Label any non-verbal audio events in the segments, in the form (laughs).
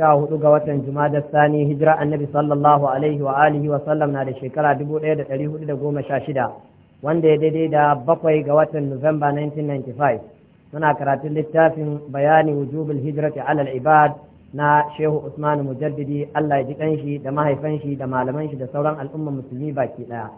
sha hudu ga watan da sani hijira annabi sallallahu alaihi wa alihi wa sallam na da shekara 1416 wanda ya daidai da bakwai ga watan Novemba 1995 muna karatun littafin bayani wujubul hijrati alal ibad na Shehu Usman Mujaddidi Allah ya ji kanshi da mahaifan shi da malaman shi da sauran al'umma musulmi baki daya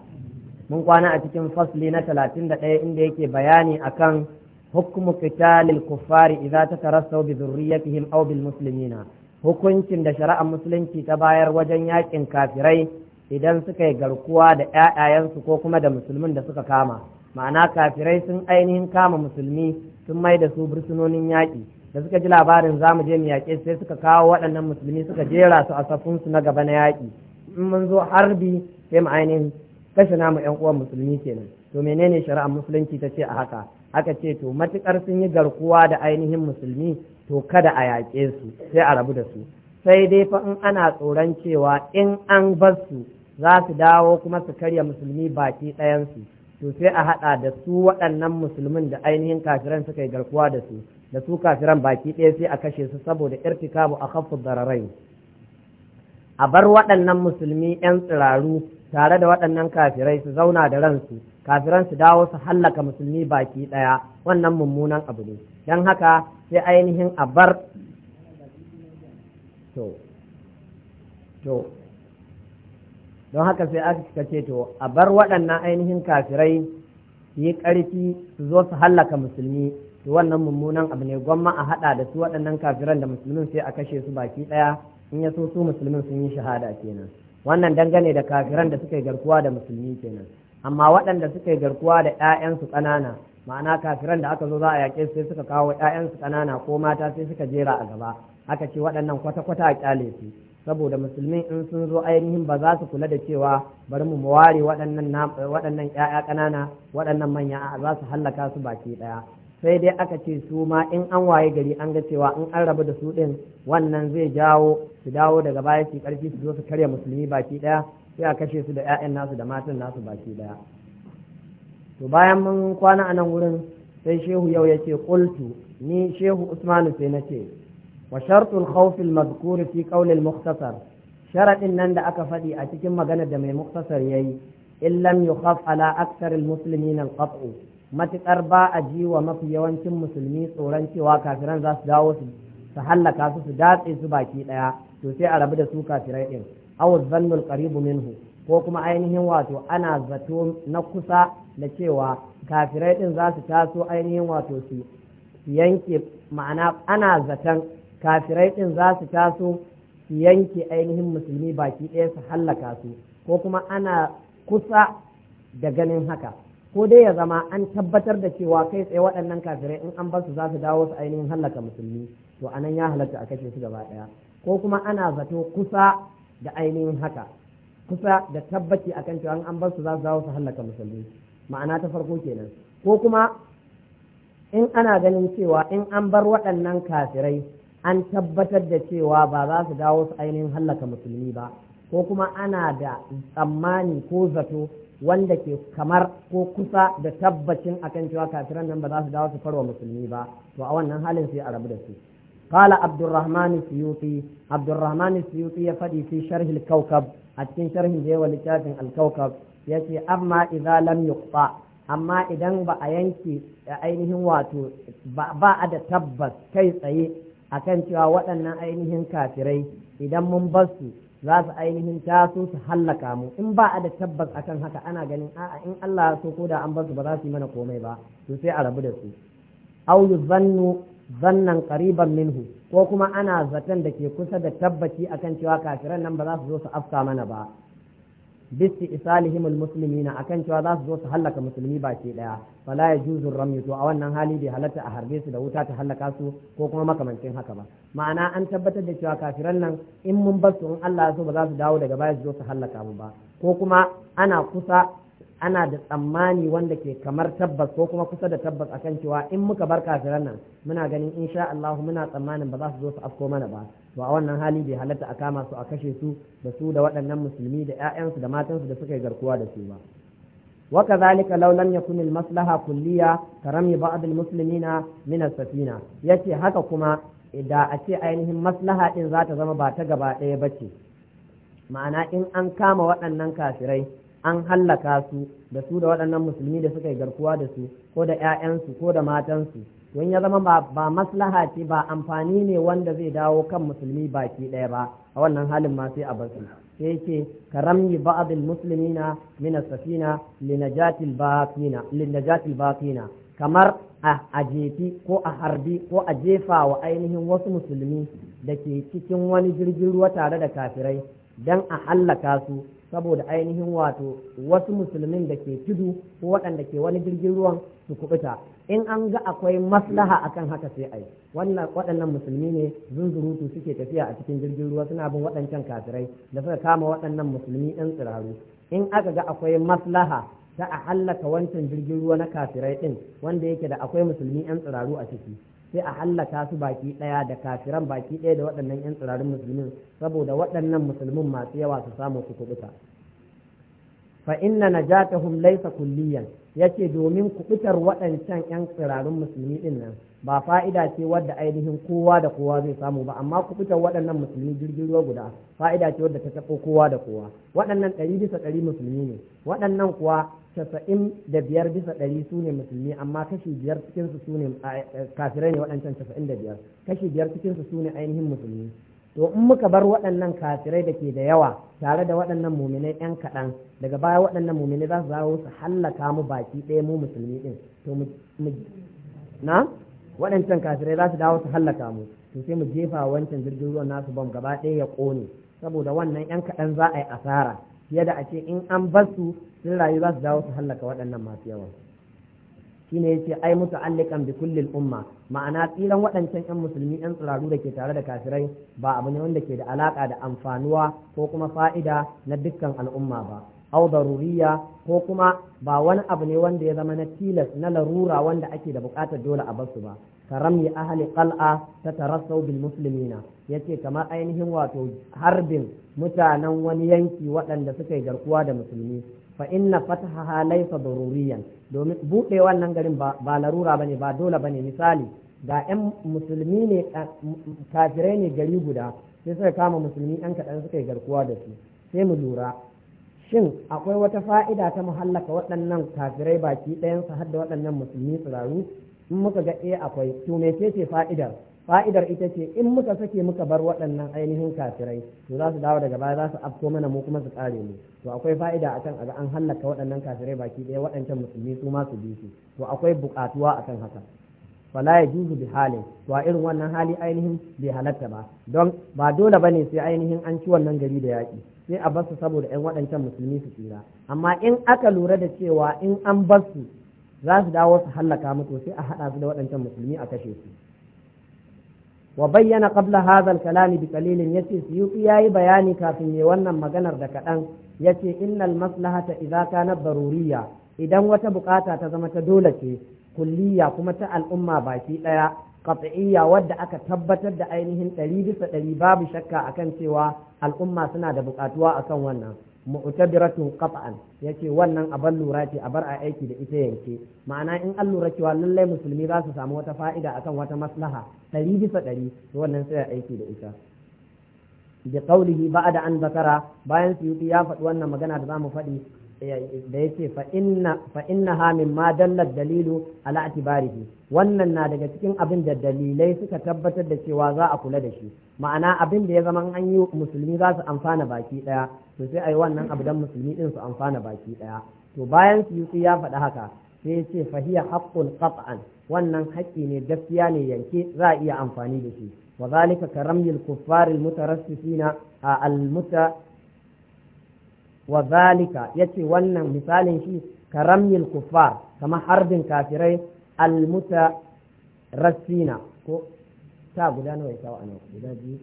mun kwana a cikin fasli na 31 inda yake bayani akan حكم قتال الكفار إذا تترسوا بذريتهم أو musulmina. hukuncin da shari'ar musulunci ta bayar wajen yakin kafirai idan suka yi garkuwa da 'ya'yayensu ko kuma da musulmin da suka kama ma'ana kafirai sun ainihin kama musulmi sun mai da su bursunonin yaƙi da suka ji labarin za mu je mu yaƙe sai suka kawo waɗannan musulmi suka jera su a safunsu na gaba na yaƙi in mun zo harbi sai mu ainihin kashe namu 'yan uwan musulmi kenan to menene shari'ar musulunci ta ce a haka aka ce to matukar sun yi garkuwa da ainihin musulmi to kada a yaƙe su sai a rabu da su sai dai fa in ana tsoron cewa in an bar su za su dawo kuma su karya musulmi baki ɗayansu to sai a haɗa da su waɗannan musulmin da ainihin kafiran suka yi garkuwa da su da su kafiran baki ɗaya sai a kashe su saboda irtikabu a khaffu dararai a bar waɗannan musulmi 'yan tsiraru tare da waɗannan kafirai su zauna da ransu kafiran su dawo su hallaka musulmi baki ɗaya wannan mummunan abu ne don haka sai ainihin a bar to to don haka sai aka ce to a bar waɗannan ainihin kafirai yi ƙarfi su zo su hallaka musulmi to wannan mummunan abu ne gwamma a haɗa da su waɗannan kafiran da musulmin sai a kashe su baki ɗaya in ya so su musulmin sun yi shahada kenan wannan dangane da kafiran da suka yi garkuwa da musulmi kenan amma waɗanda suka yi garkuwa da 'ya'yansu ƙanana ma'ana kafiran da aka zo za a yaƙe sai suka kawo 'ya'yansu ƙanana ko mata sai suka jera a gaba aka ce waɗannan kwata-kwata a ƙyale su saboda musulmi in sun zo ainihin ba za su kula da cewa bari mu ware waɗannan 'ya'ya ƙanana waɗannan manya a za su hallaka su baki ɗaya sai dai aka ce su ma in an waye gari an ga cewa in an rabu da su ɗin wannan zai jawo su dawo daga baya su ƙarfi su zo su karya musulmi baki ɗaya sai a kashe su da 'ya'yan nasu da matan nasu baki daya to bayan mun kwana a nan wurin sai shehu yau ya ce qultu ni shehu usmanu sai na ce wa shartul khawfil mazkur fi qawlil mukhtasar sharadin nan da aka faɗi a cikin maganar da mai mukhtasar yayi in lam yukhaf ala aktsar al muslimin al matukar ba a ji wa mafi yawancin musulmi tsoron cewa kafiran za su dawo su su hallaka su su datse su baki ɗaya to sai a rabu da su kafirai din aw zannul karibu minhu ko kuma ainihin wato ana zato na kusa da cewa kafirai din za su taso ainihin wato su yanke ma'ana ana zaton kafirai din za su taso su yanke ainihin musulmi baki ɗaya su hallaka su ko kuma ana kusa da ganin haka ko dai ya zama an tabbatar da cewa kai tsaye waɗannan kafirai in an basu za su dawo su ainihin hallaka musulmi to anan ya halatta a kashe su gaba ɗaya ko kuma ana zato kusa da ainihin haka kusa da tabbaci a kan cewa an bar su za su dawo su hallaka musulmi ma'ana ta farko kenan ko kuma in ana ganin cewa in an bar waɗannan kafirai an tabbatar da cewa ba za su dawo su ainihin hallaka musulmi ba ko kuma ana da tsammani ko zato wanda ke kamar ko kusa da tabbacin akan cewa kafiran nan ba za su dawo su farwa musulmi ba to a wannan halin sai a rabu da su قال عبد الرحمن السيوطي عبد ya faɗi يفدي في شرح a cikin شرح جيوة لكاتن الكوكب يتي أما إذا لم يقطع amma idan ba a yanke ainihin wato ba a da tabbas kai tsaye akan cewa waɗannan ainihin kafirai idan mun bar su za su ainihin taso su hallaka mu in ba a da tabbas akan haka ana ganin a'a in Allah ya so ko da an basu ba za su yi mana komai ba to sai a rabu da su aw zannu. zannan ƙariban minhu ko kuma ana zaton da ke kusa da tabbaci akan cewa kafiran nan ba za su zo su afka mana ba bisti isalihim a akan cewa za su zo su hallaka musulmi ba ke daya fala ya juzun to a wannan hali bai halatta a harbe su da wuta ta hallaka su ko kuma makamancin haka ba ma'ana an tabbatar da cewa kafiran nan in mun bar su in Allah ya so ba za su dawo daga baya su zo su hallaka mu ba ko kuma ana kusa ana da tsammani wanda ke kamar tabbas ko kuma kusa da tabbas akan cewa in muka bar kafiran nan muna ganin insha Allah muna tsammanin ba za su zo su afko mana ba to a wannan hali bai halatta a kama su a kashe su da su da waɗannan musulmi da ƴaƴansu da matansu da suka yi garkuwa da su ba maslaha وكذلك لو لم يكن المصلحة كلية haka kuma, المسلمين a ce ainihin maslaha كما za ta zama ba ta gaba ɗaya bace Ma'ana in an kama waɗannan kafirai. an hallaka su da su da waɗannan musulmi da suka yi garkuwa da su ko da 'ya'yansu ko da matansu don ya zama ba maslaha ce ba amfani ne wanda zai dawo kan musulmi baki ɗaya ba a wannan halin ma sai a basu sai ce karamni ba'dil muslimina min as-safina linajatil baqina kamar a jefi ko a harbi ko a jefa wa ainihin wasu musulmi da ke cikin wani jirgin ruwa tare da kafirai don a hallaka su saboda ainihin wato wasu musulmin da ke tudu ko waɗanda ke wani jirgin ruwan su kubuta in an ga akwai maslaha akan haka sai ai wannan waɗannan musulmi ne zunzurutu suke tafiya a cikin jirgin ruwa suna bin waɗancan kafirai da suka kama waɗannan musulmi ɗin tsiraru in aka ga akwai maslaha ta a hallaka wancan jirgin ruwa na kafirai ɗin wanda yake da akwai musulmi ɗan tsiraru a ciki sai a hallaka su baki ɗaya da kafiran baki ɗaya da waɗannan 'yan tsirarin musulmin saboda waɗannan musulmin masu yawa su samu su kubuta fa inna najatahum laysa kulliyan yace domin kubutar waɗancan 'yan tsirarin musulmi ɗin nan ba fa'ida ce wadda ainihin kowa da kowa zai samu ba amma kubutar waɗannan musulmi jirgin ruwa guda fa'ida ce wadda ta taɓo kowa da kowa waɗannan ɗari bisa ɗari musulmi ne waɗannan kuwa casa'in da biyar bisa ɗari su ne musulmi amma kashi biyar cikin su ne kafirai ne waɗancan casa'in da biyar kashi biyar cikin su ne ainihin musulmi to in muka bar waɗannan kafirai da ke da yawa tare da waɗannan muminai ɗan kaɗan daga baya waɗannan muminai za su zawo su hallaka mu baki ɗaya mu musulmi ɗin to mu na waɗancan kafirai za su dawo su hallaka mu to sai mu jefa wancan jirgin ruwan nasu bam gaba ɗaya ya ƙone saboda wannan ɗan kaɗan za a yi asara fiye da a ce in an bar su sun rayu za su dawo su hallaka waɗannan masu yawa ya yace ai muta'alliqan bi kullil umma ma'ana tsiran waɗancan yan musulmi yan tsiraru da ke tare da kafirai ba abu ne wanda ke da alaƙa da amfanuwa ko kuma fa'ida na dukkan al'umma ba au daruriya ko kuma ba wani abu ne wanda ya zama na tilas na larura wanda ake da buƙatar dole a basu ba karamni ahli qal'a tarasau bil ya ce kamar ainihin wato harbin mutanen wani yanki waɗanda suka yi garkuwa da musulmi fa inna fataha laysa daruriyan domin buɗe wannan garin ba larura bane ba dole bane misali ga 'yan musulmi ne kafirai ne gari guda sai suka kama musulmi 'yan kaɗan suka yi garkuwa da su sai mu lura shin akwai wata fa'ida ta muhallaka waɗannan kafirai baki ɗayansu har da waɗannan musulmi tsiraru in muka ga e akwai to me ce ce fa'idar fa'idar ita ce in muka sake muka bar waɗannan ainihin kafirai to za su dawo daga baya za su afko mana mu kuma su kare mu to akwai fa'ida akan ga an hallaka waɗannan kafirai baki ɗaya waɗancan musulmi su ma su bi su to akwai buƙatuwa akan haka fala ya juzu bi halin to a irin wannan hali ainihin bai halatta ba don ba dole bane sai ainihin an ci wannan gari da yaƙi sai a basu saboda 'yan waɗancan musulmi su tsira amma in aka lura da cewa in an basu za su dawo su hallaka mutu sai a haɗa su da waɗancan musulmi a kashe su wa bayyana qabla hadha al-kalam bi qalilin yace suyuti yayi bayani kafin yayi wannan maganar da kadan yace innal maslahata idza kanat daruriyya idan wata bukata ta zama ta dole ce kulliya kuma ta al'umma baki daya qat'iyya wadda aka tabbatar da ainihin ɗari bisa ɗari babu shakka akan cewa al'umma suna da bukatuwa akan wannan mu'tabiratun qat'an yace wannan abar lura ce a bar a aiki da ita yanke ma'ana in an lura cewa lallai musulmi za su samu wata fa'ida akan wata maslaha ɗari bisa ɗari to wannan sai a aiki da ita bi qawlihi ba'da an zakara bayan suyuti ya faɗi wannan magana da zamu faɗi da yake fa inna ha min ma dallar dalilu ala atibarihi wannan na daga cikin abin da dalilai suka tabbatar da cewa za a kula da shi ma'ana abin da ya zama an yi musulmi za su amfana baki daya to sai ai wannan abu dan musulmi din su amfana baki daya to bayan su ya faɗi haka sai ya ce fahiya haqqun qat'an wannan haƙƙi ne gaskiya ne yanke za a iya amfani da shi wa zalika karamil kuffar al mutarassifina al wa zalika yace wannan misalin shi ka karamil kuffar kamar harbin kafirai almuta rassina ko ta guda nawa ya kawo a guda biyu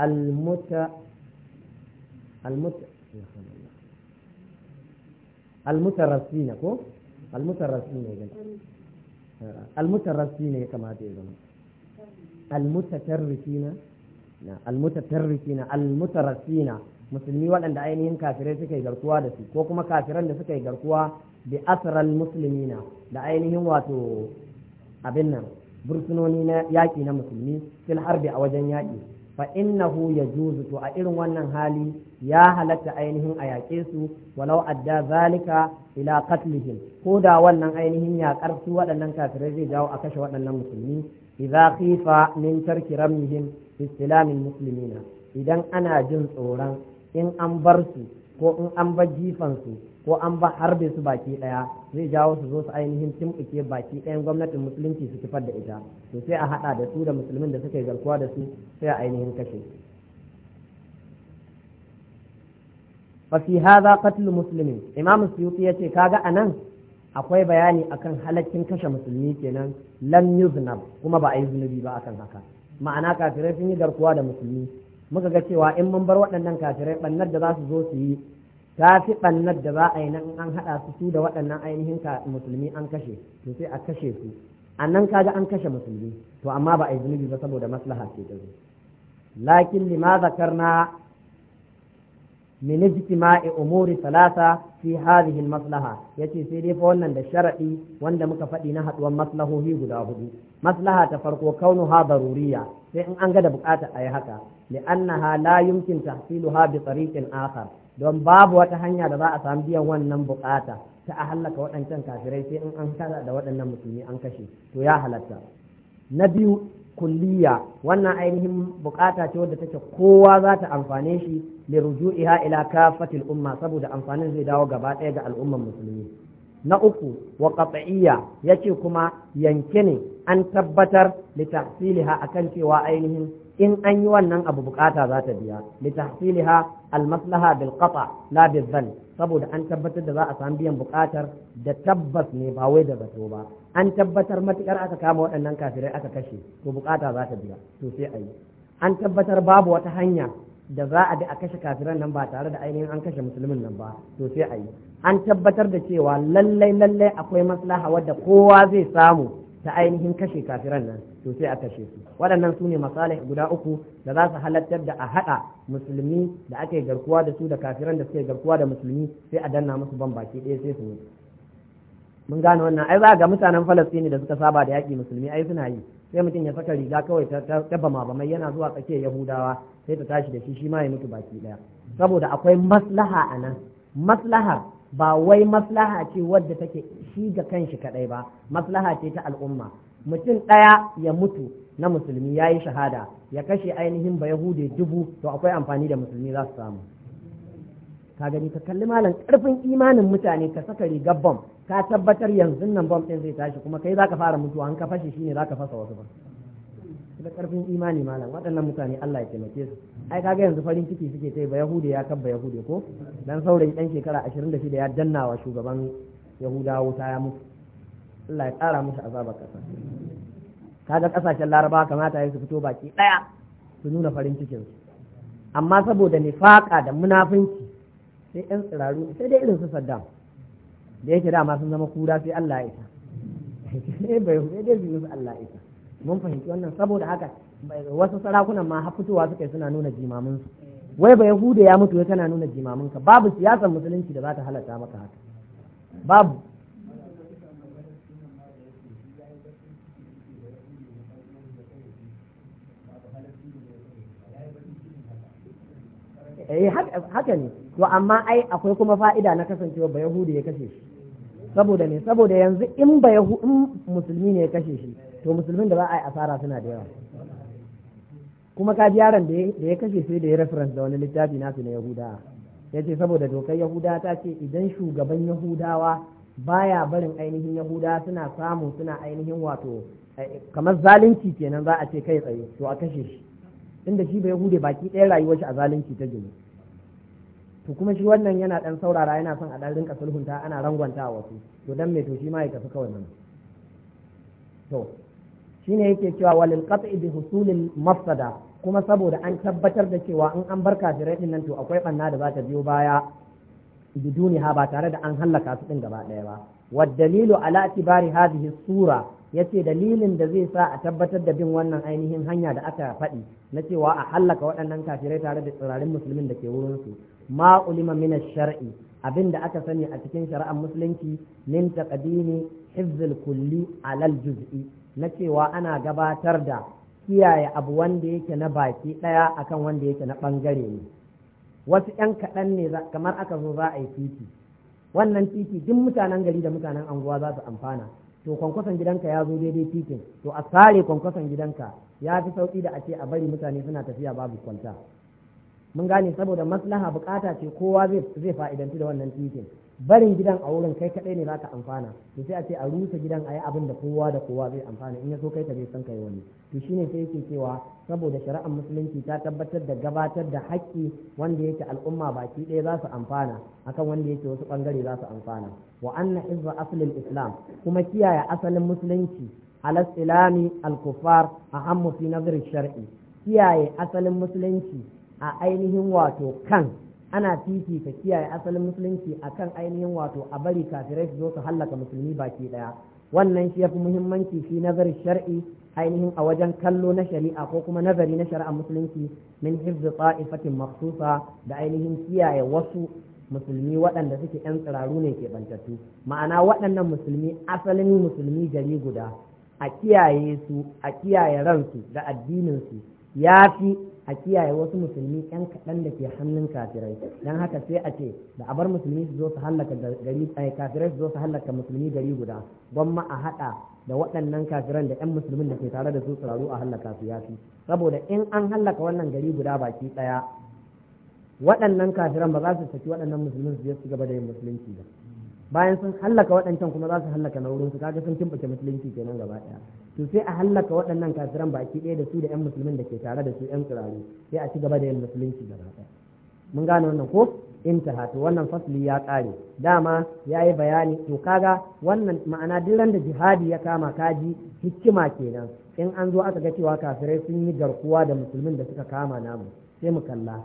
almuta almuta almutarrassina ko almuta almutarrassina ya almutarrassina ya kamata ya zama almutatarrisina na almuta almutatarrisina almutarrassina musulmi waɗanda ainihin kafirai suka yi garkuwa da su ko kuma kafiran da suka yi garkuwa bi musulmi na. da ainihin wato abin nan bursunoni na yaƙi na musulmi fil harbi a wajen yaƙi fa innahu yajuzu to a irin wannan hali ya halatta ainihin a yaƙe su walau adda zalika ila qatlihim ko da wannan ainihin yaƙar su waɗannan kafirai zai jawo a kashe waɗannan musulmi idza khifa min tarki ramihim istilamin muslimina idan ana jin tsoron in an bar su ko in an bar su, ko an ba harbe su baki daya zai jawo su zo su ainihin tumbuke baki ɗayan gwamnatin musulunci su kifar da ita to sai a hada da su da musulmin da suka yi garkuwa da su sai a ainihin kashe Fasiha hada qatl muslimin imam suyuti yace kaga anan akwai bayani akan halaccin kashe musulmi kenan lam yuznab kuma ba a yi zunubi ba akan haka ma'ana kafirai sun yi garkuwa da musulmi muka ga cewa in mun bar waɗannan kafirai ɓannar da za su zo su yi ta fi ɓannar da za a yi an haɗa su su da waɗannan ainihin musulmi an kashe to sai a kashe su a nan kaga an kashe musulmi to amma ba a yi zunubi ba saboda maslaha ce ta zo lakin lima zakarna min ijtima'i umuri salasa fi hadhihi maslaha yace sai dai fa wannan da sharadi wanda muka faɗi na haduwan maslahohi guda hudu maslaha ta farko kaunu ha daruriya sai in an ga da bukata ayi haka li'annaha la yumkin tahsiluha bi tariqin akhar don babu wata hanya da za a samu biyan wannan bukata ta a hallaka waɗancan kafirai sai in an kada da waɗannan musulmi an kashe to ya halatta na biyu kulliya wannan ainihin bukata ce wadda take kowa za ta amfane shi li ha ila kafatil umma saboda amfanin zai dawo gaba ɗaya ga al'ummar musulmi na uku wa qat'iyya yace kuma yanke ne an tabbatar li tahsiliha akan cewa ainihin in an yi wannan abu bukata zata biya li tahsiliha al maslaha bil qata saboda an tabbatar da za a samu biyan bukatar da tabbas ne ba wai da zato ba an tabbatar matukar aka kama waɗannan kafirai aka kashe to bukata za biya to sai an tabbatar babu wata hanya da za a bi a kashe kafiran nan ba tare da ainihin an kashe musulmin nan ba to sai a yi an tabbatar da cewa lallai lallai akwai maslaha wadda kowa zai samu ta ainihin kashe kafiran nan to sai a kashe su waɗannan su ne masalih guda uku da za su halartar da a haɗa musulmi da ake garkuwa da su da kafiran da suke garkuwa da musulmi sai a danna musu ban baki ɗaya sai su mun gane wannan ai za ga mutanen falastini da suka saba da yaƙi musulmi ai suna yi sai mutum ya saka riga kawai ta bama bamai yana zuwa tsakiyar yahudawa sai ta tashi da shi shi ma ya mutu baki daya saboda akwai maslaha a nan maslaha ba wai maslaha ce wadda take shi ga kanshi kadai ba maslaha ce ta al'umma mutum ɗaya ya mutu na musulmi ya yi shahada ya kashe ainihin ba yahude dubu to akwai amfani da musulmi za su samu ka gani ka kalli malam karfin imanin mutane ka saka rigar bomb ka tabbatar yanzu nan bom ɗin zai tashi kuma kai zaka fara mutuwa an ka fashe shine zaka fasa wasu ba da karfin imani malam waɗannan mutane Allah ya taimake su ai kaga yanzu farin ciki suke ta ba yahudi ya kabba yahudi ko dan saurayi dan shekara 26 ya danna wa shugaban yahudawa wuta ya mutu Allah ya tsara musu azabar kasa kaga kasashen laraba kamata ya su fito baki daya su nuna farin cikin su amma saboda nifaka da munafinci sai yan tsiraru sai dai irin su Saddam da yake dama sun zama kura sai Allah ya isa (laughs) eh, bai bai dai musu Allah ya isa mun fahimci wannan saboda haka wasu sarakunan ma har fitowa suka suna nuna jimamin su wai bai yahuda ya mutu tana nuna jimamin ka babu siyasar musulunci da za ta halatta maka haka babu eh haka ne to amma ai akwai kuma fa'ida na kasancewa ba yahudi ya kashe shi saboda ne saboda yanzu in ba in musulmi ne ya kashe shi to musulmin da ba a yi asara suna da yawa kuma ka ji yaron da ya kashe sai da ya reference da wani littafi nasu na yahuda ya ce saboda dokar yahuda ta ce idan shugaban yahudawa baya barin ainihin yahuda suna samu suna ainihin wato eh, kamar zalunci kenan za a ce kai tsaye to a kashe shi tunda shi bai hude baki ɗaya rayuwar shi a zalunci ta gini to kuma shi wannan yana dan saurara yana son a dan rinka sulhunta ana rangwanta a wasu to dan me to shi ma ya tafi kawai nan. to shi ne yake cewa walil qat'i bi husulil mafsada kuma saboda an tabbatar da cewa in an bar kafirai din nan to akwai banna da za ta biyo baya biduniha ba tare da an hallaka su din gaba ɗaya ba dalilu ala tibari hadhihi sura ya ce dalilin da zai sa a tabbatar da bin wannan ainihin hanya da aka faɗi na cewa a hallaka waɗannan kafirai tare da tsirarin musulmin da ke wurinsu ma ulima min shar'i abin da aka sani a cikin shari'ar musulunci min taqdimi hifzil kulli alal juz'i na cewa ana gabatar da kiyaye abu wanda yake na baki ɗaya akan wanda yake na ɓangare ne wasu 'yan kaɗan ne kamar aka zo za a yi titi wannan titi duk mutanen gari da mutanen anguwa za su amfana to kwankwason gidanka ya zo daidai titin to a sare kwankwason gidanka ya fi sauki da a ce a bari mutane suna tafiya babu kwanta mun gane saboda maslaha bukata ce kowa zai fa'idanci da wannan titin barin gidan a wurin kai kaɗai ne za ka amfana to sai a ce a rusa gidan a yi abin da kowa da kowa zai amfana in ya so kai ka bai san kai wani to shine sai yake cewa saboda shari'ar musulunci ta tabbatar da gabatar da haƙƙi wanda yake al'umma baki ɗaya za su amfana akan wanda yake wasu bangare za su amfana wa anna izza aslil islam kuma kiyaye asalin musulunci ala silami al a hammu fi nazarin shar'i kiyaye asalin musulunci a ainihin wato kan ana titi ta kiyaye asalin musulunci a kan ainihin wato a bari kafirai su zo su hallaka musulmi baki ɗaya. wannan shi yafi muhimmanci shi nazari shar'i ainihin a wajen kallo na shari'a ko kuma nazari na shari'a musulunci min hifzi ta'ifatin maksusa da ainihin kiyaye wasu musulmi waɗanda suke 'yan tsiraru ne ke bantattu ma'ana waɗannan musulmi asalin musulmi gari guda a kiyaye su a kiyaye ransu da addininsu ya fi a kiyaye wasu musulmi yan kaɗan da ke hannun kafirai don haka sai a ce da a bar musulmi su zo su hallaka gari eh, kafirai su zo su hallaka musulmi gari guda gwamma a haɗa da waɗannan kafiran da yan musulmin da ke tare da su tsiraru a hallaka su yafi saboda in an hallaka wannan gari guda baki ɗaya waɗannan kafiran ba za su saki waɗannan musulmin su je su gaba da yin musulunci ba bayan sun hallaka waɗancan kuma za su hallaka na wurin su kaga sun kimbace musulunci kenan gaba ɗaya to sai a hallaka waɗannan kafiran baki ɗaya da su da 'yan musulmin da ke tare da su 'yan tsirari sai a ci gaba da yin musulunci gaba ɗaya mun gane wannan ko intaha to wannan fasli ya ƙare dama ya yi bayani to kaga wannan ma'ana duk da jihadi ya kama kaji hikima kenan in an zo aka ga cewa kafirai sun yi garkuwa da musulmin da suka kama namu sai mu kalla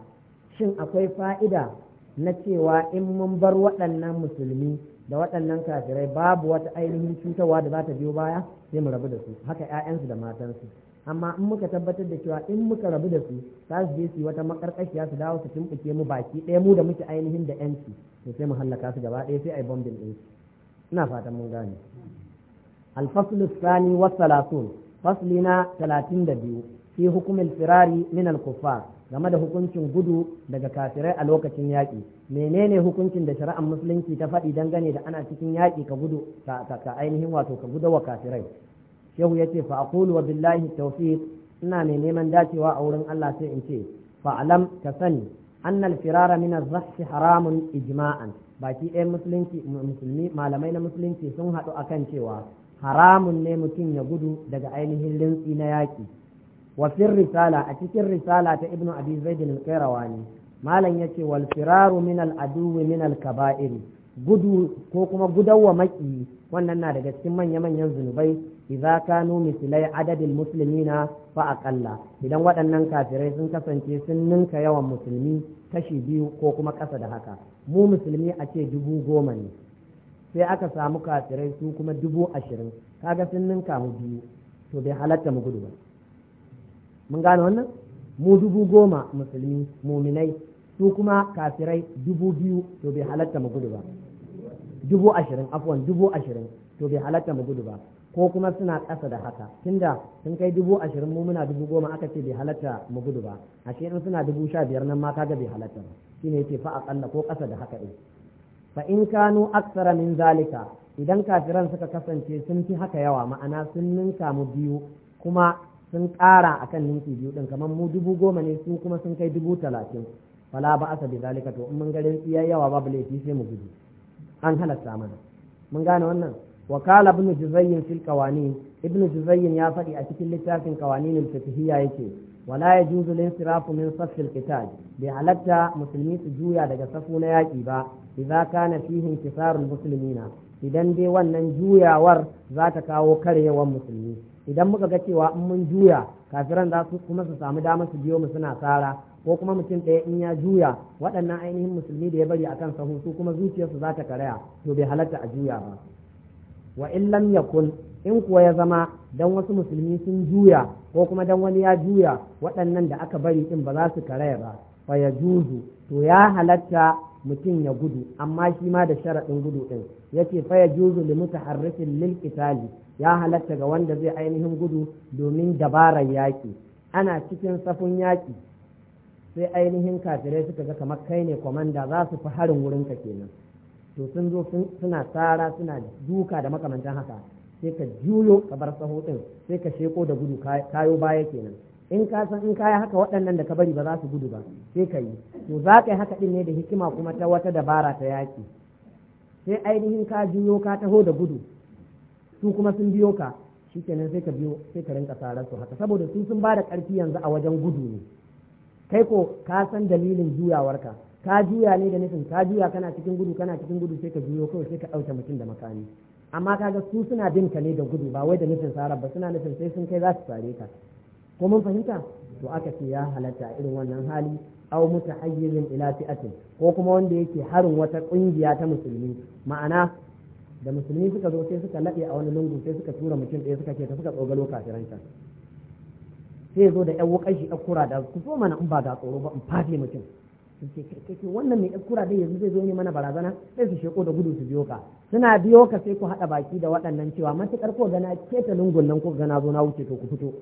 shin akwai fa'ida na cewa in mun bar waɗannan musulmi da waɗannan kafirai babu wata ainihin cutarwa da za ta biyo baya sai mu rabu da su haka 'ya'yansu da matansu amma in muka tabbatar da cewa in muka rabu da su za su je su wata makarkashiya su dawo su tumɓuke mu baki ɗaya mu da muke ainihin da yanci to sai mu hallaka su gaba ɗaya sai a yi bombin ɗin su ina fatan mun gane alfaslu sani wasalatun fasli na talatin da biyu fi hukumin firari min al game da hukuncin gudu daga kafirai a lokacin yaƙi menene hukuncin da shari'ar musulunci ta faɗi dangane da ana cikin yaƙi ka gudu ka ainihin wato ka wa kafirai shehu ya ce fa aqulu wa billahi tawfiq ina mai neman dacewa a wurin Allah sai in ce fa alam ka sani annal firara min az haramun ijma'an baki ɗaya musulunci musulmi malamai na musulunci sun haɗu akan cewa haramun ne mutum ya gudu daga ainihin lintsi na yaƙi wa risala a cikin risala ta ibnu abi zaidin al ne malam yace wal firaru min al aduwi min al kaba'ir gudu ko kuma gudawwa maki wannan na daga cikin manya manyan zunubai idza kanu mislai adadil muslimina fa aqalla idan waɗannan kafirai sun kasance sun ninka yawan musulmi kashi biyu ko kuma ƙasa da haka mu musulmi a ce dubu goma ne sai aka samu kafirai su kuma dubu ashirin kaga sun ninka mu biyu to bai halatta mu gudu ba mun gane wannan mu dubu goma musulmi muminai su kuma kafirai dubu biyu to bai halatta mu gudu ba dubu ashirin afwan dubu ashirin to bai halatta mu gudu ba ko kuma suna ƙasa da haka tunda sun kai dubu ashirin mu muna dubu goma aka ce bai halatta mu gudu ba ashe in suna dubu sha biyar nan ma kaga bai halatta ba ne yake fa ƙalla ko ƙasa da haka ɗin fa in kanu aksara min zalika idan kafiran suka kasance sun fi haka yawa ma'ana sun ninka mu biyu kuma sun ƙara a kan ninki biyu ɗin kamar mu dubu goma ne su kuma sun kai dubu talatin fala ba asa bi zalika to in mun ga rinsi yawa babu laifi sai mu gudu an halatta mana mun gane wannan wa kala ibn juzayyin fil qawanin ibn juzayyin ya faɗi a cikin littafin qawanin al-fiqhiyya yake wala yajuzu sirafu min saff al-qital bi halatta musulmi su juya daga safu na yaki ba idza kana fihi intisarul muslimina idan dai wannan juyawar za ta kawo karyewar musulmi idan muka ga cewa in mun juya kafiran za su kuma su samu damar su biyo mu suna tsara ko kuma mutum ɗaya in ya juya waɗannan ainihin musulmi da ya bari akan sahu su kuma zuciyarsu za ta karaya to bai halarta a juya ba wa in lam yakun in kuwa ya zama dan wasu musulmi sun juya ko kuma dan wani ya juya waɗannan da aka bari in ba za su karaya ba fa ya juzu to ya halarta mutum ya gudu amma shi ma da sharaɗin gudu ɗin yace fa yajuzu li mutaharrifin lil qitali ya halatta ga wanda zai ainihin gudu domin dabarar yaƙi ana cikin safun yaƙi sai ainihin kafirai suka ga kamar kai ne kwamanda za su fi harin wurin ka kenan to sun zo suna tsara suna duka da makamantan haka sai ka juyo ka bar saho ɗin sai ka sheko da gudu kayo baya kenan in ka san in kaya haka waɗannan da ka bari ba za su gudu ba sai ka yi to za ka yi haka ɗin ne da hikima kuma ta wata dabara ta yaƙi sai ainihin ka juyo ka taho da gudu su kuma sun biyo ka kenan sai ka biyo sai ka rinka sarar su haka saboda su sun bada karfi yanzu a wajen gudu ne kai ko ka san dalilin juyawarka ka juya ne da nufin ka juya kana cikin gudu kana cikin gudu sai ka juyo kawai sai ka ɗauke mutum da makami amma kaga su suna bin ka ne da gudu ba wai da nufin tsara ba suna nufin sai sun kai za su sare ka ko mun fahimta to aka ce ya halatta irin wannan hali aw mutahayyizin ila fi'atin ko kuma wanda yake harin wata kungiya ta musulmi ma'ana da musulmi suka zo sai suka laɗe a wani lungu sai suka tura mutum ɗaya suka ce ta suka tsogalo kafiran can sai zo da yawo kashi shi kura da ku zo mana in ba ga tsoro ba in fafe mutum ce wannan mai kura dai yanzu zai zo ne mana barazana sai su sheko da gudu su biyo ka suna biyo ka sai ku haɗa baki da waɗannan cewa matuƙar ko gana keta lungun nan ko gana zo na wuce to ku fito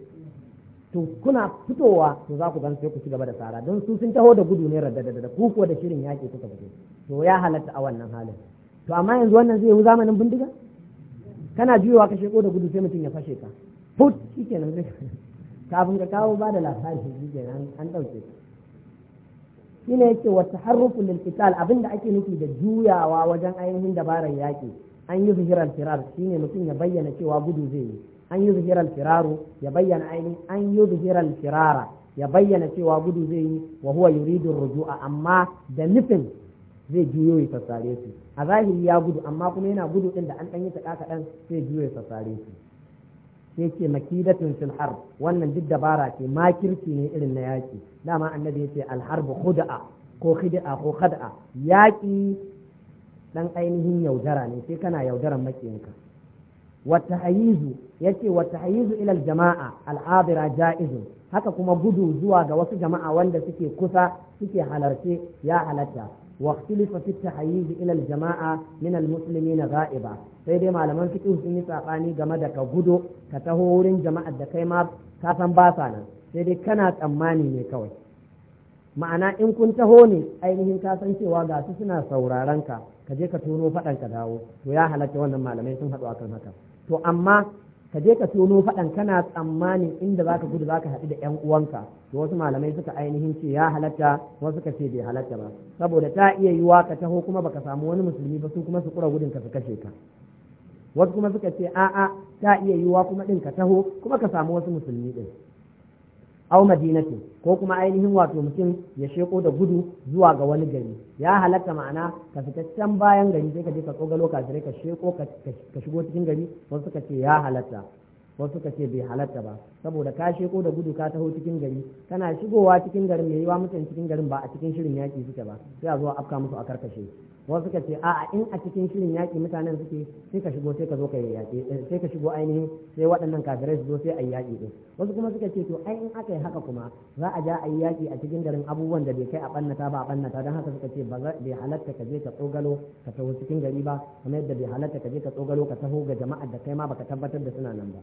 to kuna fitowa to za ku gan sai ku ci gaba da tsara don su sun taho da gudu ne da ku ko da shirin yaƙi kuka fito to ya halatta a wannan halin to amma yanzu wannan zai yi zamanin bindiga kana juyowa ka sheko da gudu sai mutum ya fashe ka put shikenan zai kafin ka kawo ba da labari shikenan an ɗauke ka shine yake wa taharrufu lil qital abinda ake nufi da juyawa wajen ainihin dabarar yaƙi an yi zuhirar firar shine mutum ya bayyana cewa gudu zai yi an yi zuhirar firaru ya bayyana ainihin an yi zuhirar firara ya bayyana cewa gudu zai yi wa huwa yuridun ruju'a amma da nufin zai juyo ya sassare su a zahiri ya gudu amma kuma yana gudu din da an ɗan yi ta kaɗan sai juyo ya sassare su sai ce makidatun fil harb wannan duk dabara ce makirci ne irin na yaki dama annabi ya ce alharbi khuda'a ko khid'a ko khad'a yaƙi dan ainihin yaudara ne sai kana yaudaran makiyinka wata hayizu yace wata hayizu ilal jama'a al'abira ja'izu haka kuma gudu zuwa ga wasu jama'a wanda suke kusa suke halarci ya halatta واختلف في التحيز الى الجماعه من المسلمين غائبا sai dai malaman fiqh sun yi sabani game da ka gudu ka taho wurin jama'a da kai ma kasan basa nan sai dai kana tsammani ne kawai ma'ana in kun taho ne ainihin kasancewa san ga su suna sauraron ka ka je ka tono faɗan ka dawo to ya halatta wannan malamai sun haɗu akan haka to amma ka je ka tono faɗan kana tsammanin inda za ka gudu za ka haɗu da 'yan uwanka to wasu malamai suka ainihin ce ya halatta wasu suka ce bai halatta ba saboda ta iya yiwa ka taho kuma baka samu wani musulmi ba su kuma su kura gudun ka su kashe ka wasu kuma suka ce a'a ta iya yiwa kuma ɗin ka taho kuma ka samu wasu musulmi ɗin au madinatin ko kuma ainihin wato mutum ya sheko da gudu zuwa ga wani gari ya halatta ma'ana ka fita can bayan gari sai ka je ka tsogalo ka ka sheko ka shigo cikin gari wasu ka ce ya halatta wasu ka ce bai halatta ba saboda ka sheko da gudu ka taho cikin gari kana shigowa cikin garin mai yiwa mutane cikin garin ba a cikin shirin yaki suke ba sai a zo a afka musu a karkashe wasu suka ce a'a in a cikin shirin yaki mutanen suke sai ka shigo sai ka zo ka yaki eh, sai ka shigo ainihin sai waɗannan kafirai su zo sai a yaki din wasu kuma suka ce to ai in aka yi haka kuma za a ja a yi yaki a cikin garin abubuwan da bai kai a bannata ba a bannata don haka suka ce ba bai halatta ka je ka tsogalo ka taho cikin gari ba kamar yadda bai halatta ka je ka tsogalo ka taho ga jama'a da kai ma baka tabbatar da suna nan ba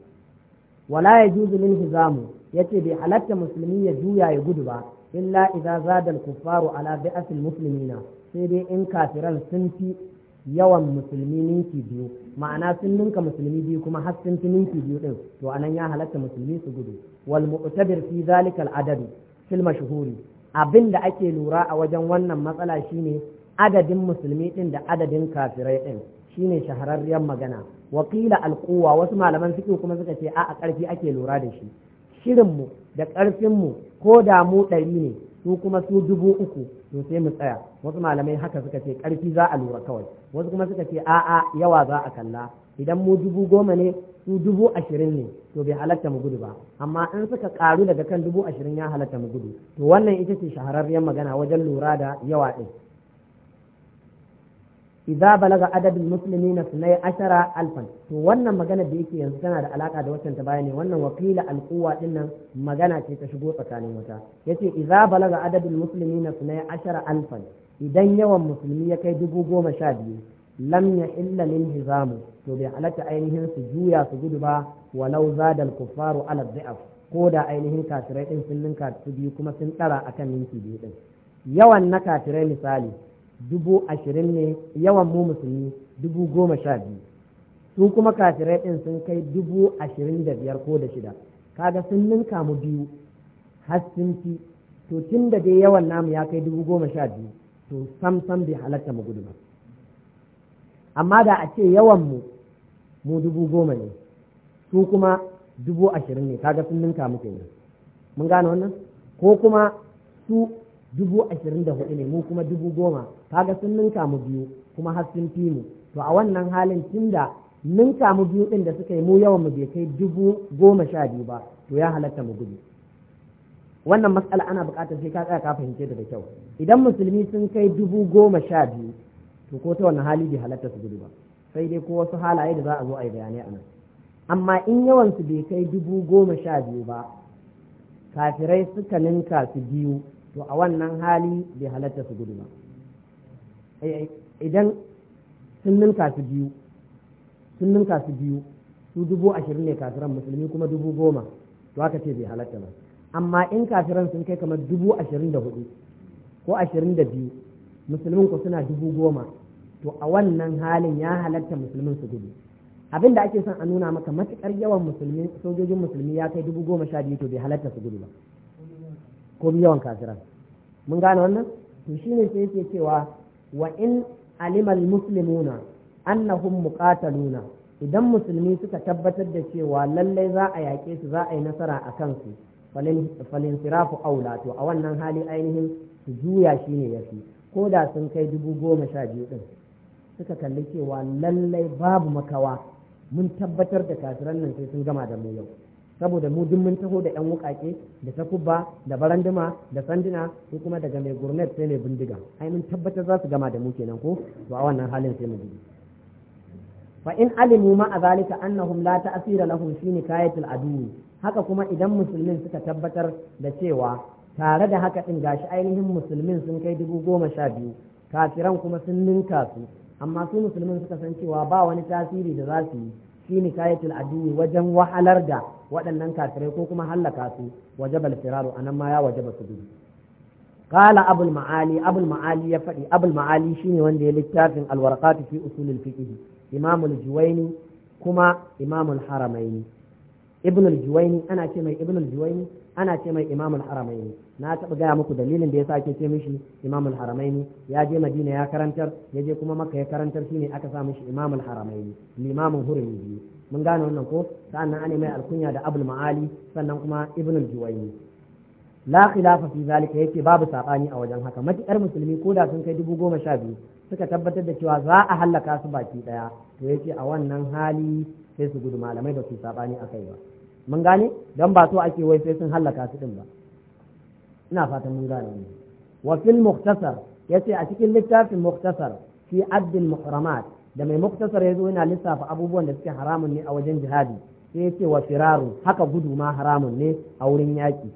wala ya juzu min hizamu yace bai halatta musulmi ya juya ya gudu ba illa idza zada al-kuffaru ala bi'asil muslimina sai dai in kafiran sun fi yawan musulmi ninki biyu ma'ana sun ninka musulmi biyu kuma har sun fi ninki biyu din to anan ya halatta musulmi su gudu wal mu'tabir fi zalika al-adad fil mashhuri abinda ake lura a wajen wannan matsala shine adadin musulmi din da adadin kafirai din shine shahararriyar magana wakila alƙuwa wasu malaman suke kuma suka ce a karfi ake lura da shi shirin mu da ƙarfinmu mu ko da mu ɗari ne su kuma su dubu uku to sai mu tsaya wasu malamai haka suka ce karfi za a lura kawai wasu kuma suka ce a'a yawa za a kalla idan mu dubu goma ne su dubu ashirin ne to bai halatta mu gudu ba amma in suka karu daga kan dubu ashirin ya halatta mu gudu to wannan ita ce shahararriyar magana wajen lura da yawa ɗin idza balaga adadul muslimina sunai ashara alfan to wannan magana da yake yanzu tana da alaka da waccan ta baya ne wannan wakila alquwa din nan magana ce ta shigo tsakanin wata yace idza balaga adadul muslimina sunai ashara alfan idan yawan musulmi ya kai dubu goma sha biyu lam illa lil hizamu to bai halatta ainihin su juya su gudu ba walau zadal kuffaru ala dhi'af ko da ainihin kafirai din sun ninka su biyu kuma sun tsara akan ninki biyu din yawan na kafirai misali dubu ashirin ne yawan mu musulmi dubu goma sha biyu su kuma kafirai ɗin sun kai dubu ashirin da biyar ko da shida kaga sun ninka mu biyu har sun fi to tun da dai yawan namu ya kai dubu goma sha biyu to sam sam bai halatta mu gudu ba amma da a ce yawan mu mu dubu goma ne su kuma dubu ashirin ne kaga sun ninka mu kenan mun gane wannan ko kuma su dubu ashirin da hudu ne mu kuma dubu goma kaga sun ninka mu biyu kuma har sun fi mu to a wannan halin tunda ninka mu biyu ɗin da suka yi mu yawan mu bai kai dubu goma sha biyu ba to ya halatta mu gudu wannan matsala ana buƙatar sai ka tsaya ka fahimce da kyau idan musulmi sun kai dubu goma sha biyu to ko ta wani hali bai halatta su gudu ba sai dai ko wasu halaye da za a zo a yi bayanai a nan amma in yawan su bai kai dubu goma sha biyu ba kafirai suka ninka su biyu to a wannan hali bai halatta su gudu ba eh, eh, idan sun ninka su biyu sun ninka su biyu su dubu ashirin ne kafiran musulmi kuma dubu goma to aka ce bai halatta ba amma in kafiran sun kai kamar dubu ashirin da hudu ko ashirin da biyu musulmin ku suna dubu goma to a wannan halin ya halatta musulmin su gudu abin da ake son a nuna maka matukar yawan musulmi sojojin musulmi ya kai dubu goma sha biyu to bai halatta su gudu ba ko yawan kafiran mun gane wannan to shine sai yake cewa wa in alimal muslimuna annahum muqataluna idan musulmi suka tabbatar da cewa lallai za a yaƙe su za a yi nasara a kansu falin sirafu aula to a wannan hali ainihin su juya shine ne ko da sun kai dubu goma sha biyu ɗin suka kalli cewa lallai babu makawa mun tabbatar da kafiran nan sai sun gama da mu yau saboda mu duk mun taho da yan wukake da takubba da baranduma da sanduna ko kuma daga mai gurnet sai mai bindiga ai mun tabbatar za su gama da mu kenan ko to a wannan halin sai mu bi fa in alimu ma azalika annahum la ta'sira lahum fi nikayatil adu haka kuma idan musulmin suka tabbatar da cewa tare da haka din gashi ainihin musulmin sun kai dubu goma sha biyu kafiran kuma sun ninka su amma su musulmin suka san cewa ba wani tasiri da za su yi ne nikayatil addini wajen wahalar da waɗannan kafirai ko kuma hallaka su wajabal firaru anan ma ya wajaba su gudu kala abul ma'ali abul ma'ali ya faɗi abul ma'ali shine wanda ya littafin alwarkatu fi usulil fiqh imamul juwaini kuma imamul haramaini ibnul juwaini ana ce mai ibnul juwaini ana ce mai imamul haramaini na taɓa gaya muku dalilin da ya sake ce mishi imamul haramaini ya je madina ya karantar ya je kuma maka ya karantar shine aka sa mishi imamul haramaini limamin hurumi biyu mun gane wannan ko sa'annan an mai alkunya da abul ma'ali sannan kuma ibnul juwaini la khilafa fi zalika yake babu sabani a wajen haka matukar musulmi ko da sun kai dubu goma sha biyu suka tabbatar da cewa za a hallaka su baki ɗaya to yake a wannan hali sai su gudu malamai ba su sabani kai ba mun gane dan ba so ake wai sai sun hallaka su din ba ina fatan mun gane ne wa fil muhtasar yace a cikin littafin muhtasar fi addil muhramat da mai muktasar ya zo yana lissafa abubuwan da suke haramun ne a wajen jihadi sai ya ce wa firaru haka gudu ma haramun ne a wurin yaƙi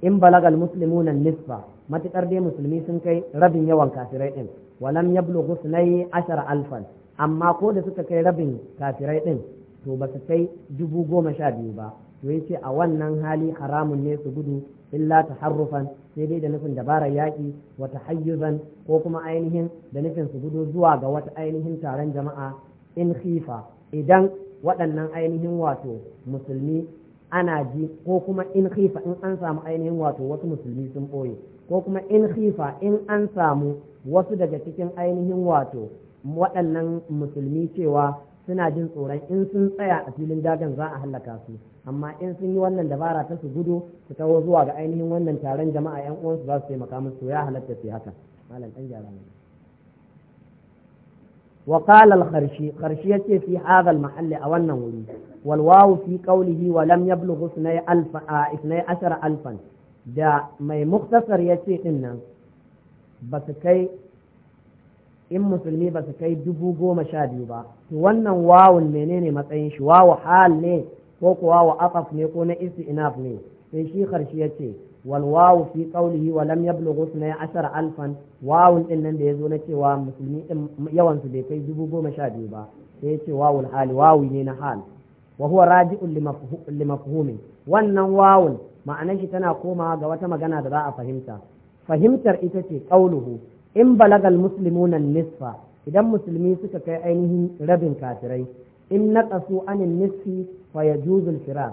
in balagal muslimuna nisfa matukar dai musulmi sun kai rabin yawan kafirai din walam yablughu sunai ashar alfan amma ko da suka kai rabin kafirai din to ba su kai dubu goma sha biyu ba to yace a wannan hali haramun ne su gudu illa taharrufan sai dai da nufin dabarar yaƙi wa tahayyuzan ko kuma ainihin da nufin su gudu zuwa ga wata ainihin taron jama'a in khifa idan waɗannan ainihin wato musulmi ana ji ko kuma in khifa in an samu ainihin wato wasu musulmi sun ɓoye ko kuma in khifa in an samu wasu daga cikin ainihin wato waɗannan musulmi cewa suna jin tsoron in sun tsaya a filin dagan za a hallaka su amma in sun yi wannan dabara ta su gudu su kawo zuwa ga ainihin wannan taron jama'a yan uwansu za su taimaka musu ya halatta su haka malam dan gyara ne wa qala al kharshi kharshi yace fi hadha al mahalli a wannan wuri wal wawu fi qawlihi wa lam yablugh 12000 alfan da mai muktasar yace din nan ba su kai in musulmi ba su kai dubu goma sha biyu ba to wannan wawun menene matsayin shi wawu hal ne ko ko wawu afaf ne ko na inaf ne sai shi karshe ya ce wal wawu fi qawlihi wa lam yablughu 12 alfan wawun din nan da yazo na cewa musulmi din yawan su bai kai dubu goma sha biyu ba sai ya ce wawul hal wawu ne na hal wa huwa raji'un li wannan wawun ma'anar shi tana komawa ga wata magana da za a fahimta fahimtar ita ce qauluhu in balagal musulmunan nisfa idan musulmi suka kai ainihin rabin kafirai in naqasu anin nisfi fa juzul fira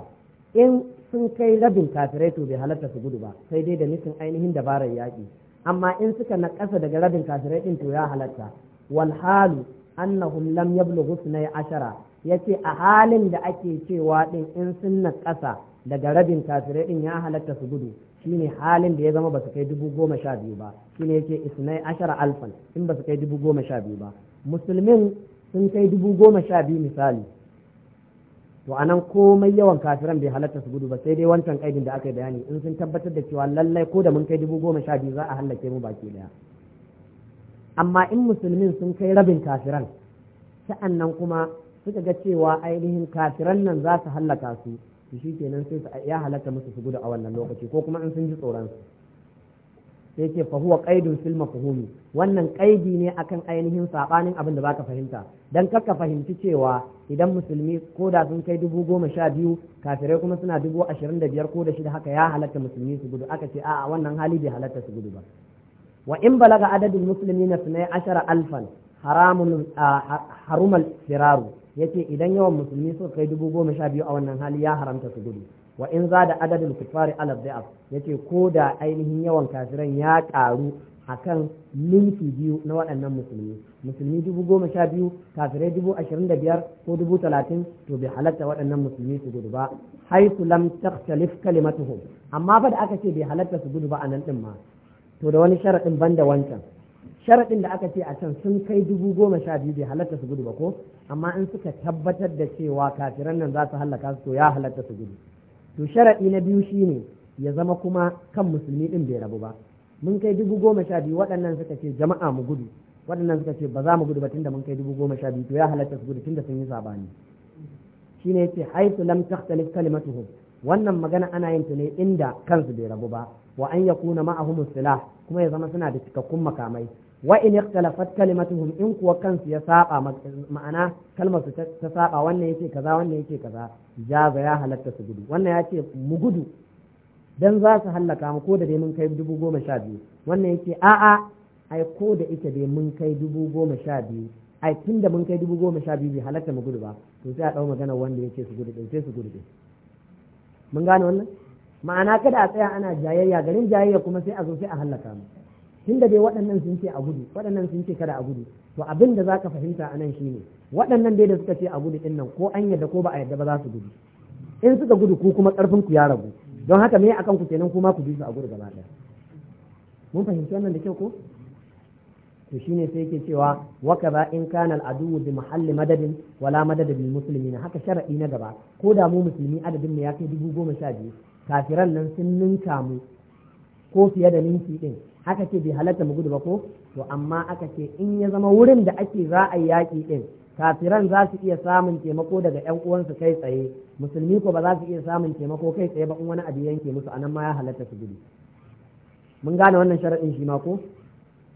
in sun kai rabin kafirai to bai halatta su gudu ba sai dai da nufin ainihin dabarar yaƙi amma in suka naƙasa daga rabin kafirai ɗin to ya halatta wal halu annahum lam yablughu 12 yace a halin da ake cewa din in sun naƙasa daga rabin kafirai din ya halatta su gudu shine halin da ya zama ba su kai dubu goma sha biyu ba shine yake isnai ashara alfan in ba su kai dubu goma sha biyu ba musulmin sun kai dubu goma sha biyu misali to anan komai yawan kafiran bai halatta su gudu ba sai dai wancan kaidin da aka yi bayani in sun tabbatar da cewa lallai ko da mun kai dubu goma sha biyu za a hallake mu baki daya amma in musulmin sun kai rabin kafiran sa'annan kuma suka ga cewa ainihin kafiran nan za su hallaka su to shi kenan sai ya halatta musu su gudu a wannan lokaci ko kuma in sun ji tsoron su sai ce fa huwa qaidun fil mafhumi wannan qaidi ne akan ainihin sabanin abin da baka fahimta dan kaka fahimci cewa idan musulmi ko da sun kai dubu goma sha biyu kafirai kuma suna dubu ashirin da biyar ko da shida haka ya halatta musulmi su gudu aka ce a'a wannan hali bai halatta su gudu ba wa in balaga adadin musulmi na sunai ashara alfan haramun harumal firaru ya ce idan yawan musulmi suka kai dubu goma sha biyu a wannan hali ya haramta su gudu wa in za da adadin kufari ala ya ce ko da ainihin yawan kafiran ya karu akan minti biyu na waɗannan musulmi musulmi dubu goma sha biyu kafirai dubu ashirin da biyar ko dubu talatin to bai halatta waɗannan musulmi su gudu ba haisu lam takhtalif kalimatuhum amma fa da aka ce bai halatta su gudu ba a nan ɗin ma to da wani sharaɗin da wancan sharaɗin da aka ce a can sun kai dubu goma sha biyu bai halatta su gudu ba ko amma in suka tabbatar da cewa kafiran nan za su hallaka su to ya halatta su gudu to sharaɗi na biyu shine ya zama kuma kan musulmi ɗin bai rabu ba mun kai dubu goma sha biyu waɗannan suka ce jama'a mu gudu waɗannan suka ce ba za mu gudu ba tunda mun kai dubu goma sha biyu to ya halatta su gudu tunda sun yi sabani shine yace haitu lam takhtalif kalimatuhum wannan magana ana yin ta ne inda kansu bai rabu ba wa an yakuna ma'ahum silah kuma ya zama suna da cikakkun makamai wa in ikhtalafat kalimatuhum in kuwa kansu ya saba ma'ana kalmar su ta saba wannan yake kaza wannan yake kaza ga ya halatta su gudu wannan yace mu gudu dan za su hallaka mu ko da dai mun kai dubu goma sha biyu wannan yace a'a ai ko da ita dai mun kai dubu goma sha biyu ai tun da mun kai dubu goma sha biyu bai halatta mu gudu ba to sai a ɗau magana wanda ya ce su gudu ɗin sai su gudu ɗin mun gane wannan ma'ana kada a tsaya ana jayayya garin jayayya kuma sai a zo sai a hallaka mu tunda dai waɗannan sun ce a gudu waɗannan sun ce kada a gudu to abin da zaka fahimta anan shine waɗannan dai da suka ce a gudu din nan ko an yadda ko ba a yadda ba za su gudu in suka gudu ku kuma karfin ku ya ragu don haka me akan ku kenan kuma ku bi su a gudu gaba ɗaya mun fahimci wannan da kyau ko to shine sai yake cewa wa kaza in kana al'adu bi mahalli madadin wala madadin musulmi muslimin haka shara'i na gaba ko da mu musulmi adadin mu ya kai dubu goma sha biyu kafiran nan sun ninka mu ko fiye da ninki din aka ce bai halatta mu gudu ba ko to amma aka ce in ya zama wurin da ake za a yi yaƙi din kafiran za su iya samun taimako daga ƴan uwansu kai tsaye musulmi ko ba za su iya samun taimako kai tsaye ba in wani abu yanke musu anan ma ya halatta su gudu mun gane wannan sharaɗin shi ma ko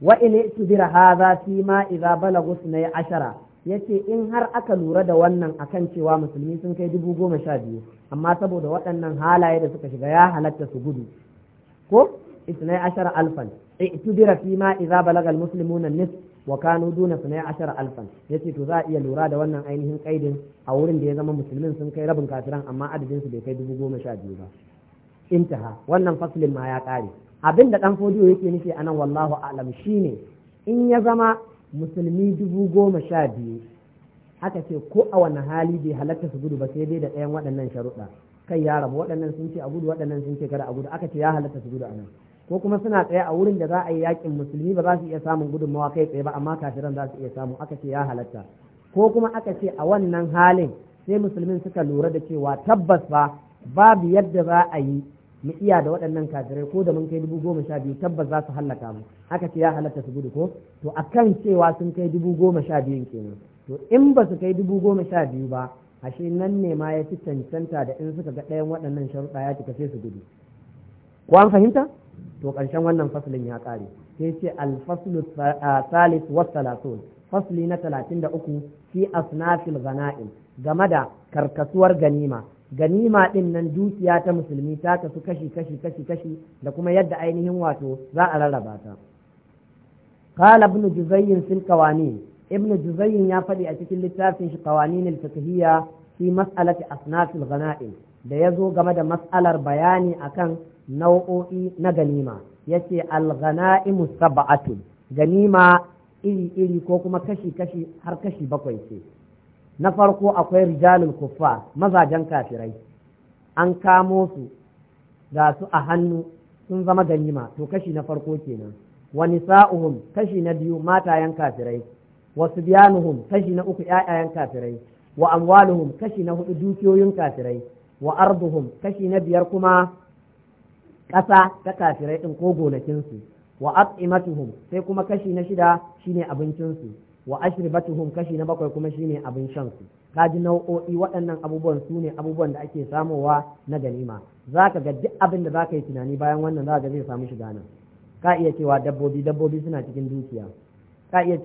wa in tudira hadha fi ma idza balagu sunay ashara ya ce in har aka lura da wannan akan cewa musulmi sun kai dubu goma sha biyu amma saboda waɗannan halaye da suka shiga ya halatta su gudu ko isnai ashar alfan i'tubira fi ma idza balagal muslimuna nis wa kanu duna sunai ashar alfan ce to za a iya lura da wannan ainihin kaidin a wurin da ya zama musulmin sun kai rabin kafiran amma adadin su bai kai dubu goma sha biyu ba intaha wannan faslin ma ya kare abin da dan fodiyo yake nufi anan wallahu a'lam shine in ya zama musulmi dubu goma sha biyu aka ce ko a wani hali bai halatta su gudu ba sai dai da ɗayan waɗannan sharuɗa kai ya rabu waɗannan sun ce a gudu waɗannan sun ce kada a gudu aka ce ya halatta su gudu a nan ko kuma suna tsaye a wurin da za a yi yakin musulmi ba za su iya samun gudunmawa kai tsaye ba amma kafiran za su iya samu aka ce ya halatta ko kuma aka ce a wannan halin sai musulmin suka lura da cewa tabbas ba babu yadda za a yi mu iya da waɗannan kafirai ko da mun kai dubu goma sha biyu tabbas za su hallaka mu aka ce ya halatta su gudu ko to akan cewa sun kai dubu goma sha biyun kenan to in ba su kai dubu goma sha biyu ba ashe nan ne ma ya fi cancanta da in suka ga ɗayan waɗannan sharuɗa ya cika su gudu ko an fahimta to ƙarshen wannan faslin ya ƙare sai ce alfaslu salis wa salatun fasli na talatin da uku fi asnafil ghana'im game da karkasuwar ganima ganima din nan dukiya ta musulmi ta tafi kashi kashi kashi kashi da kuma yadda ainihin wato za a rarraba ta qala ibn juzayyin fil qawanin ibn juzayyin ya faɗi a cikin littafin shi qawanin al fiqhiyya fi mas'alati asnaf al ghanaim da yazo game da mas'alar bayani akan nau'o'i na ganima yace al ghanaim sab'atun ganima iri iri ko kuma kashi kashi har kashi bakwai ce na farko akwai rijalul kuffa mazajen kafirai an kamo su ga su a hannu sun zama ganima to kashi na farko kenan wa nisa'uhum kashi na biyu matayen kafirai wa subyanuhum kashi na uku ƴaƴayen kafirai wa amwaluhum kashi na hudu dukiyoyin kafirai wa arduhum kashi na biyar kuma ƙasa ta kafirai ɗin ko gonakinsu wa at'imatuhum sai kuma kashi na shida shine abincin su wa ashribatuhum kashi na bakwai kuma shine abin shan su kaji nau'o'i waɗannan abubuwan su ne abubuwan da ake samowa na ganima zaka ga duk abin da zaka yi tunani bayan wannan zaka ga zai samu shiga nan ka iya cewa dabbobi dabbobi suna cikin dukiya ka iya